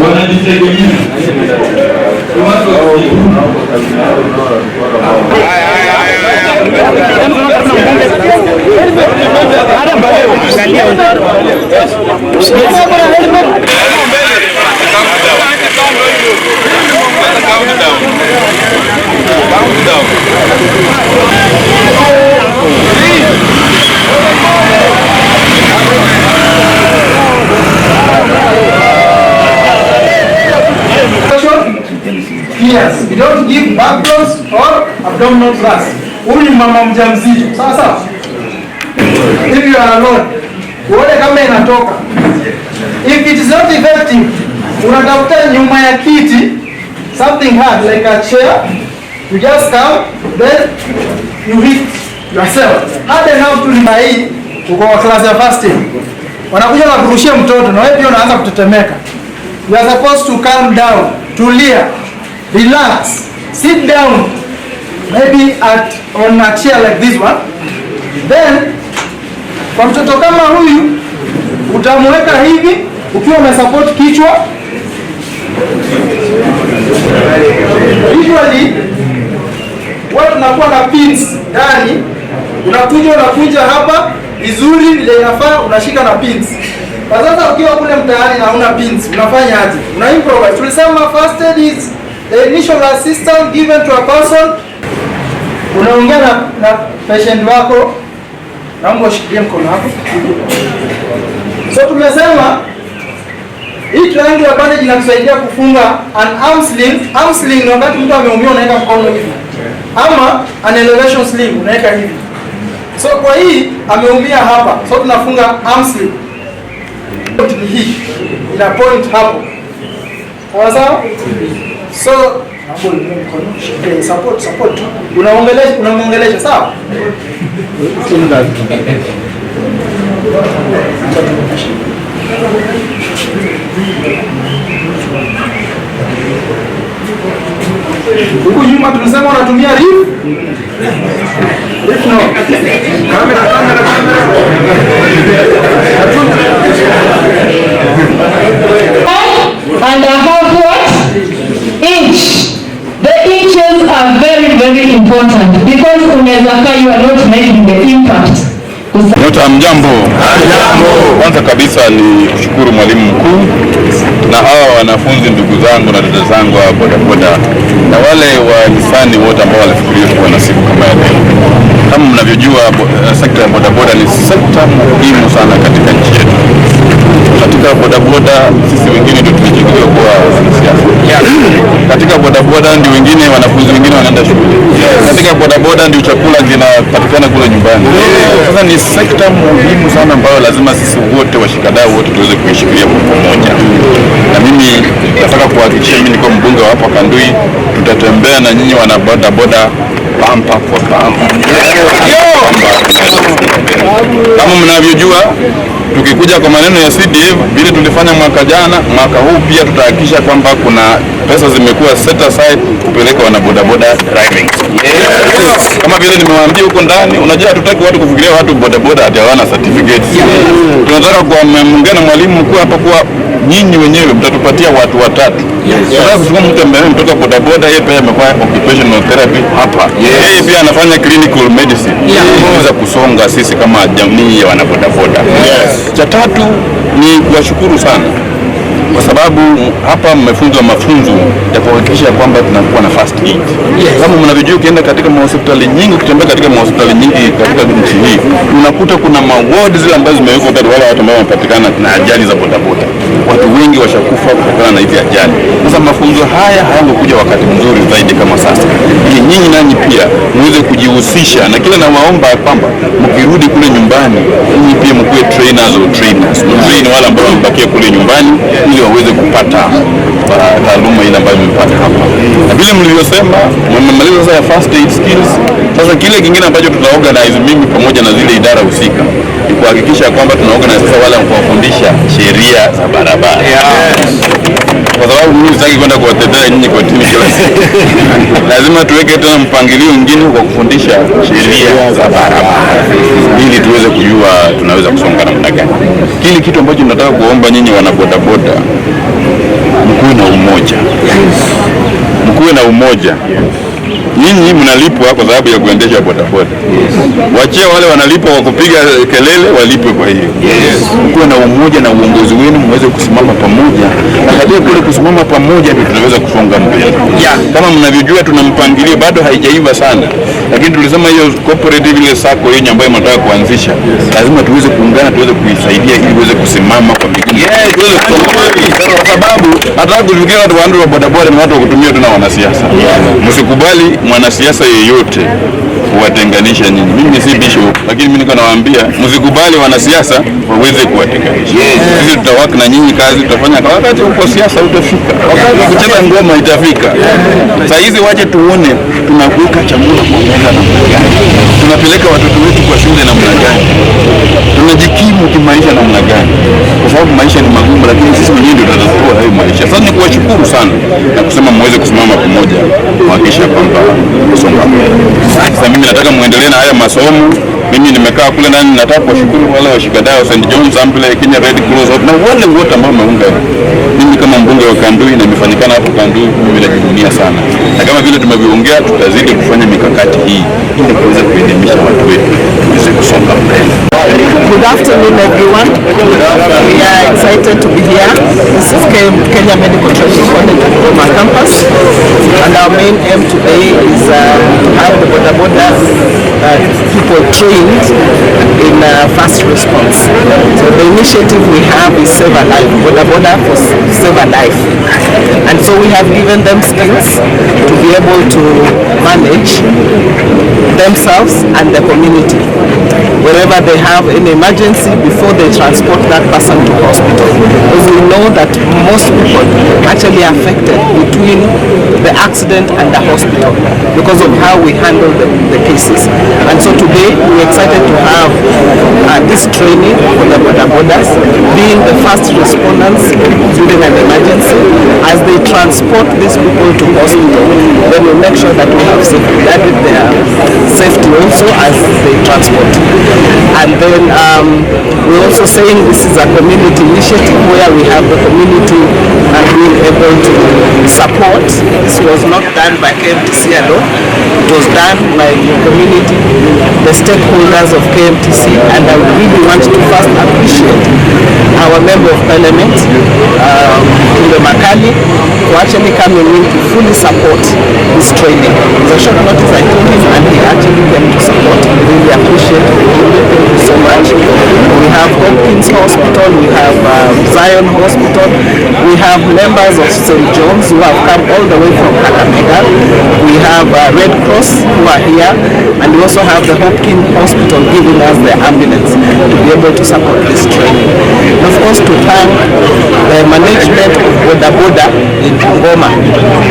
wanajisaidia Calm down. Calm down. back or abdominal thrust. Huyu mama mjamzito, sawa sawa. If you are alone, uone kama inatoka. If it is not effective, unatafuta nyuma ya kiti something hard like a chair. You just come then you hit yourself hard enough to lima hii Uko kwa class ya fasting, wanakuja na kurushia mtoto na wewe pia unaanza kutetemeka. You are supposed to calm down, tulia, relax sit down maybe at on a chair like this one, then kwa mtoto kama huyu utamweka hivi ukiwa umesupport kichwa Usually watu tunakuwa na pins ndani, unakuja unakunja hapa vizuri vile inafaa, unashika na pins. Kwa sasa ukiwa kule mtaani na una pins, unafanya aje? Una improvise. Tulisema first aid is the initial assistance given to a person. Unaongea na, na patient wako, naomba ushikilie mkono wako. So tumesema hii triangle bandage inatusaidia kufunga an arm sling. Arm sling ni wakati mtu ameumia, unaweka mkono hivi, ama an elevation sling unaweka hivi. So kwa hii ameumia hapa, so tunafunga arm sling hii ina point hapo, sawa sawa. So support support, unaongelesha unaongelesha, sawa. Huku nyuma tulisema unatumia rif no kamera kamera kamera, and I have inch. The inches are very, very important because unaweza kaa you are not making the impact. mjambo. Kwanza kabisa ni kushukuru mwalimu mkuu na hawa wanafunzi ndugu zangu na dada zangu wa bodaboda na wale wahisani wote ambao walifikiria kuwa na siku kama ya leo. Kama mnavyojua, sekta ya bodaboda ni sekta muhimu sana katika nchi yetu katika bodaboda sisi wengine ndio tumechukuliwa kuwa wanasiasa. Katika bodaboda ndio wengine wanafunzi wengine wanaenda shule. Katika bodaboda ndio chakula kinapatikana kule nyumbani. Sasa ni sekta muhimu sana ambayo lazima sisi wote washikadau wote tuweze kuishikilia kwa pamoja, na mimi nataka kuhakikisha mimi niko mbunge wa hapa Kandui, tutatembea na nyinyi wanabodaboda pampa kwa pampa, kama mnavyojua Tukikuja kwa maneno ya CDF vile tulifanya mwaka jana, mwaka huu pia tutahakikisha kwamba kuna pesa zimekuwa set aside kupeleka wanabodaboda driving. Yes. Kama vile nimewaambia huko ndani, unajua hatutaki watu kufikiria watu bodaboda hati hawana certificates. Tunataka kuongea na mwalimu mkuu hapa kuwa nyinyi wenyewe mtatupatia watu watatu. Kuchukua mtu ambaye mtoka bodaboda, yeye pia amekuwa occupational therapy hapa, yeye pia anafanya clinical medicine za kusonga sisi kama jamii ya wanabodaboda. Cha tatu ni kuwashukuru sana kwa sababu hapa mmefunzwa mafunzo ya kuhakikisha kwamba tunakuwa na first aid. Yes. Kama mnavyojua ukienda katika mahospitali nyingi, ukitembea katika mahospitali nyingi katika nchi hii unakuta kuna mawodi zile ambazo zimewekwa wale watu ambao wanapatikana na ajali za bodaboda watu wengi washakufa kutokana na hizi ajali. Sasa mafunzo haya hayangokuja wakati mzuri zaidi kama sasa, ili nyinyi nanyi pia muweze kujihusisha na kila, nawaomba kwamba mkirudi kule nyumbani, nyinyi pia mkuwe trainers au trainers, mtrain wale ambao wamebakia kule nyumbani, ili waweze kupata ah, taaluma ile ambayo mmepata hapa, na vile mlivyosema, mmemaliza sasa ya first aid skills. Sasa kile kingine ambacho tutaorganize mimi pamoja na zile idara husika ni kuhakikisha kwamba tunaorganize sasa wale wanaofundisha sheria za barabara kwa sababu mimi sitaki kwenda kuwatetea nyinyi kwa timu kila siku. Lazima tuweke tena mpangilio mwingine kwa kufundisha sheria za barabara ili tuweze kujua tunaweza kusonga namna gani. Kile kitu ambacho nataka kuomba nyinyi wanabodaboda, mkuwe na umoja, mkuwe na umoja yes. Nyinyi mnalipwa kwa sababu ya kuendesha bodaboda. Wachia wale wanalipwa wa kupiga kelele walipwe. Kwa hiyo kuwa na umoja na uongozi wenu, mweze kusimama pamoja, na katika kule kusimama pamoja ndio tunaweza kusonga mbele. Kama mnavyojua, tuna mpangilio bado haijaiva sana, lakini tulisema hiyo cooperative ile sako yenye ambayo mnataka kuanzisha, lazima tuweze kuungana, tuweze kuisaidia ili iweze kusimama kwa kwa sababu hata kufikia watu wa bodaboda na watu wa kutumia tuna wanasiasa, msikubali mwanasiasa yeyote kuwatenganisha nyinyi. Mimi si bishop, lakini mimi niko nawaambia msikubali wanasiasa waweze kuwatenganisha. Sisi tutawaka na nyinyi kazi, tutafanya kwa wakati. huko siasa utafika, wakati kucheza ngoma itafika. Saa hizi waje tuone tunakuka chakula kwa meza na mnagani, tunapeleka watoto wetu kwa shule na mnagani, tunajikimu kimaisha na mnagani, kwa sababu maisha ni magumu, lakini sisi wenyewe ndio tunatatua hayo maisha. Sasa ni kuwashukuru sana na kusema muweze kusimama pamoja kuhakikisha kwamba kusonga mbele mimi nataka muendelee na haya masomo. Mimi nimekaa kule nani nataka kuwashukuru wale washikadau St John's Ambulance, Kenya Red Cross na wale wote ambao wameunga mimi kama mbunge wa Kandui na imefanikana hapo Kandui, mimi najivunia sana, na kama vile tumeviongea, tutazidi kufanya mikakati hii ili kuweza kuelimisha watu wetu tuweze kusonga Good afternoon, everyone. We are excited to be here. This is Kenya Medical Training College at Goma campus, and our main aim today is uh, to have the border border uh, people trained in uh, fast response. So the initiative we have is Save a Life, border border for Save a Life. And so we have given them skills to be able to manage themselves and the community. Wherever they have an emergency before they transport that person to hospital. Because we know that most people actually affected between the accident and the hospital because of how we handle the, the cases. And so today we're excited to have uh, this training being the first responders during an emergency. As they transport these people to hospital, then we make sure that we have safeguarded their safety also as they transport. And then um, we're also saying this is a community initiative where we have the community and being able to support. This was not done by KMTC alone. It was done by the community the stakeholders of KMTC and I really want to first appreciate our Member of Parliament, Mbe um, Makali, who actually coming in to fully support this training. It's a short notice I told him and he actually came to support. We really appreciate him. Thank you so much. We have Hopkins Hospital, we have um, Zion Hospital, we have members of St. John's who have come all the way from Kakamega have uh, Red Cross who are here, and we also have the Hopkins Hospital giving us the ambulance to be able to support this training. And of course, to thank the management of Boda Boda in Bungoma.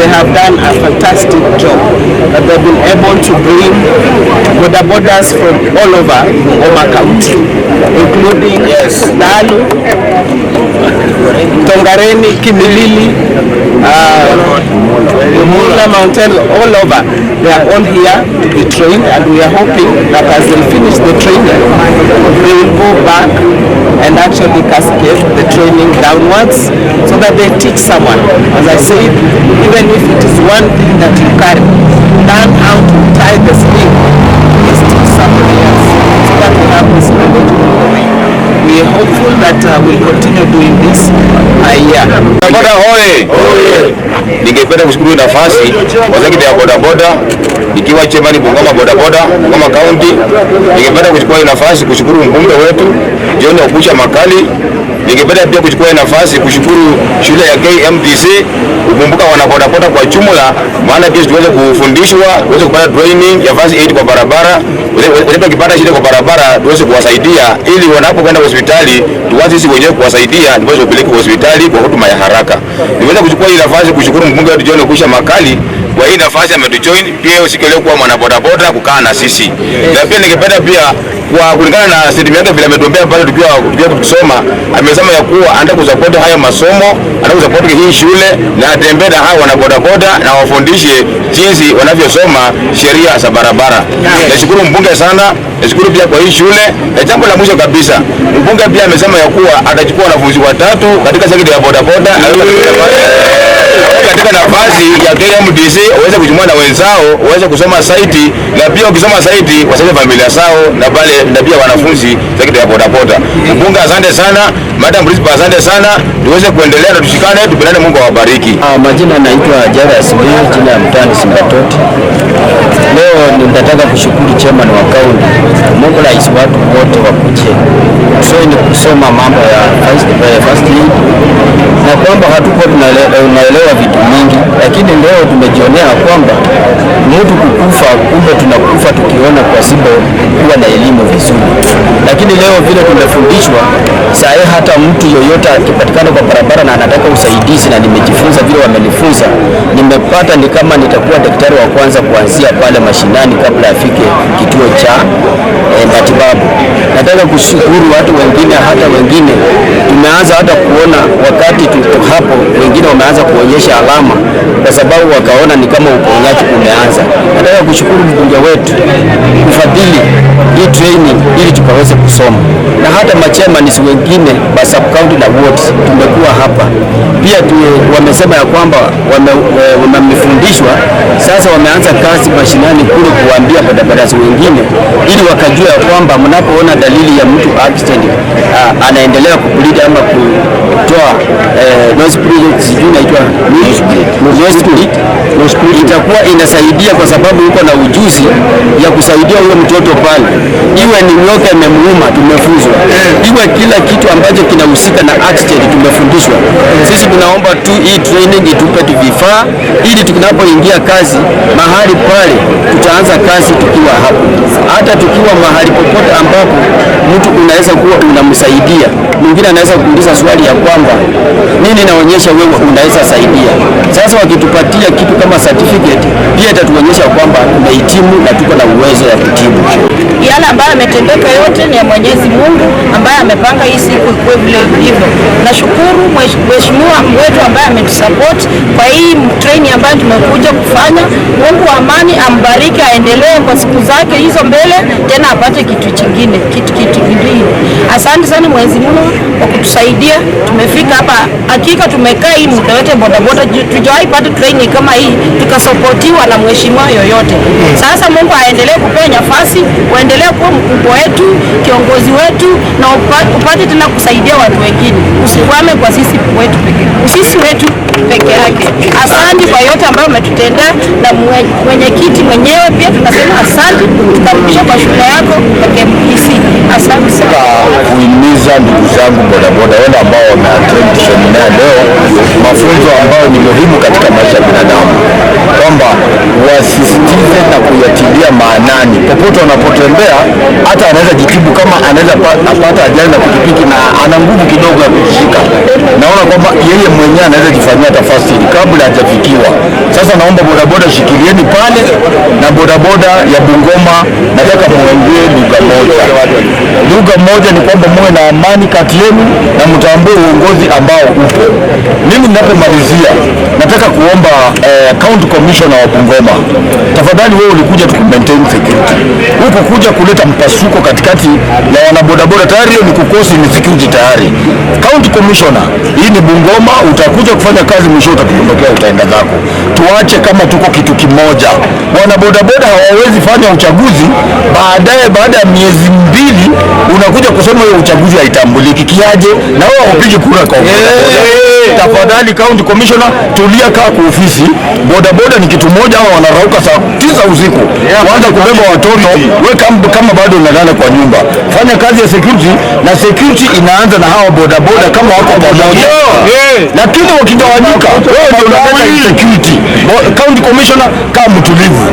They have done a fantastic job that they've been able to bring Boda Bodas from all over Bungoma County, including yes. Dalu, Tongareni, Kimilili, uh, Mula Mountain, all over. They are all here to be trained, and we are hoping that as they finish the training, they will go back and actually cascade the training downwards so that they teach someone. As I said, even if it is one thing that you carry, learn how to tie the string, is to somebody else, so that we have this knowledge. We are hopeful that uh, we'll continue doing this. raia. Boda hoye! Ningependa kushukuru nafasi wazaki ya bodaboda, ikiwa chemani Bungoma bodaboda Bungoma County. Ningependa kuchukua nafasi kushukuru mbunge wetu John Okucha Makali Ningependa pia kuchukua nafasi kushukuru shule ya KMTC kukumbuka wanabodaboda kwa jumla, maana pia tuweze kufundishwa, tuweze kupata training ya first aid kwa barabara, wakipata shida kwa barabara tuweze kuwasaidia, ili wanapokwenda hospitali tuanze sisi wenyewe kuwasaidia, tuweze kupeleka hospitali kwa huduma ya haraka. Niweza kuchukua hii nafasi kushukuru mbunge wetu John Kuisha Makali kwa hii nafasi ametujoin. Pia usikelee kuwa mwanabodaboda kukaa na sisi na pia ningependa pia kwa kulingana na statement yake vile ametuombea pale tukiwa tukiwa tukisoma, amesema ya kuwa anataka kusupport haya masomo, anataka kusupport hii shule na atembee na hao wanabodaboda na wafundishe jinsi wanavyosoma sheria za barabara. Nashukuru mbunge sana, nashukuru pia kwa hii shule. Na jambo la mwisho kabisa, mbunge pia amesema ya kuwa atachukua wanafunzi watatu katika sekta ya bodaboda na katika nafasi ya KMDC uweze kujumua na wenzao, uweze kusoma saiti na pia ukisoma saiti wasaidie familia zao na pale na pia wanafunzi sekta ya bodaboda. Mbunge, asante sana. Madam Principal, asante sana. Tuweze kuendelea na tushikane, tupendane. Mungu awabariki. Ah, majina naitwa Jairus Mbii, jina ya mtaani Simbatoti. Leo ningetaka kushukuru chairman wa kaunti, Mungu watu wote wakuje ni kusoma mambo ya first eh, first aid, na kwamba hatuko eh, tunaelewa vitu mingi, lakini leo tumejionea kwamba mtu kukufa, kumbe tunakufa tukiona kwa sibo kuwa na elimu vizuri. Lakini leo vile tumefundishwa, sahi, hata mtu yoyote akipatikana kwa barabara na anataka usaidizi, na nimejifunza vile wamenifunza, nimepata ni kama nitakuwa daktari wa kwanza kuanzia pale mashinani kabla afike kituo cha e, matibabu. Nataka kushukuru watu wengine, hata wengine tumeanza hata kuona wakati tuko hapo, wengine wameanza kuonyesha alama kwa sababu wakaona ni kama uponyaji umeanza. Nataka kushukuru mbunge wetu kufadhili hii training ili tukaweze kusoma, na hata machemani wengine ba sub county na wards tumekuwa hapa pia tu, wamesema ya kwamba eh, wamefundishwa wame, sasa wameanza kazi mashinani ni kule kuambia bodaboda wengine ili wakajua ya kwamba mnapoona dalili ya mtu accident Ah, anaendelea kukulida ama kutoa uh, noise project itakuwa inasaidia kwa sababu uko na ujuzi ya kusaidia huyo mtoto pale, iwe ni nyoka imemuuma tumefunzwa, eh. iwe kila kitu ambacho kinahusika na accident tumefundishwa. Sisi tunaomba tu hii training itupe tu vifaa, ili tunapoingia kazi mahali pale tutaanza kazi tukiwa hapo hata tukiwa mahali popote ambapo mtu unaweza kuwa unamsaidia. Mwingine anaweza kuuliza swali ya kwamba nini naonyesha wewe unaweza saidia. Sasa wakitupatia kitu kama certificate, pia itatuonyesha kwamba tumehitimu na tuko na uwezo ya kutibu. Yale ambayo ametendeka yote ni ya Mwenyezi Mungu ambaye amepanga hii siku ikuwe vile ilivyo. Nashukuru mheshimiwa wetu ambaye ametusupport kwa hii training ambayo tumekuja kufanya. Mungu amani ambariki, aendelee kwa siku zake hizo mbele mbele tena apate kitu chingine, kitu kitu kingine. Asante sana Mwenyezi Mungu kwa kutusaidia, tumefika hapa. Hakika tumekaa hii muda wote boda boda, tujawahi pata training kama hii, tukasupportiwa na mheshimiwa yoyote. Sasa Mungu aendelee kupea nafasi, uendelee kuwa mkubwa wetu, kiongozi wetu, na upate tena kusaidia watu wengine, usikwame kwa sisi wetu pekee, sisi wetu peke yake. Asante kwa yote ambayo umetutendea, na mwenyekiti mwenyewe pia tunasema asante, tukarudisha kwa shule yako KMTC. Asante sana kuhimiza ndugu zangu bodaboda wale ambao wameattend seminar leo, mafunzo ambayo ni muhimu katika maisha ya binadamu kwamba wasisitize na kuyatilia maanani popote wanapotembea. Hata anaweza jitibu kama anaweza apata ajali na pikipiki na ana nguvu kidogo ya kujishika, naona kwamba yeye mwenyewe anaweza jifanyia tafasiri kabla hajafikiwa. Sasa naomba bodaboda, shikilieni pale na bodaboda ya Bungoma, nataka muongee lugha moja. Lugha moja ni kwamba muwe na amani kati yenu na mtambue uongozi ambao upo. Mimi ninapomalizia nataka kuomba eh, county commission na Wapungoma, tafadhali wewe ulikuja tu maintain security, huko kuja kuleta mpasuko katikati ya wanabodaboda, tayari hiyo ni kukosi ni security tayari. County Commissioner, hii ni Bungoma, utakuja kufanya kazi, mwisho utakuondokea, utaenda zako. Tuache kama tuko kitu kimoja, wanabodaboda hawawezi fanya uchaguzi baadaye, baada ya miezi mbili unakuja kusema hiyo uchaguzi haitambuliki kiaje? Na wao wapige kura kwa hey, hey, hey. Tafadhali County Commissioner, tulia, kaa kwa ofisi, bodaboda ni kitu moja, au wanarauka saa tisa usiku kuanza kubeba watoto, we kama bado unalala kwa nyumba, fanya kazi ya security, na security inaanza na hawa bodaboda kama wako bodaboda, lakini wakigawanyika, wewe ndio unaleta security. County commissioner kama mtulivu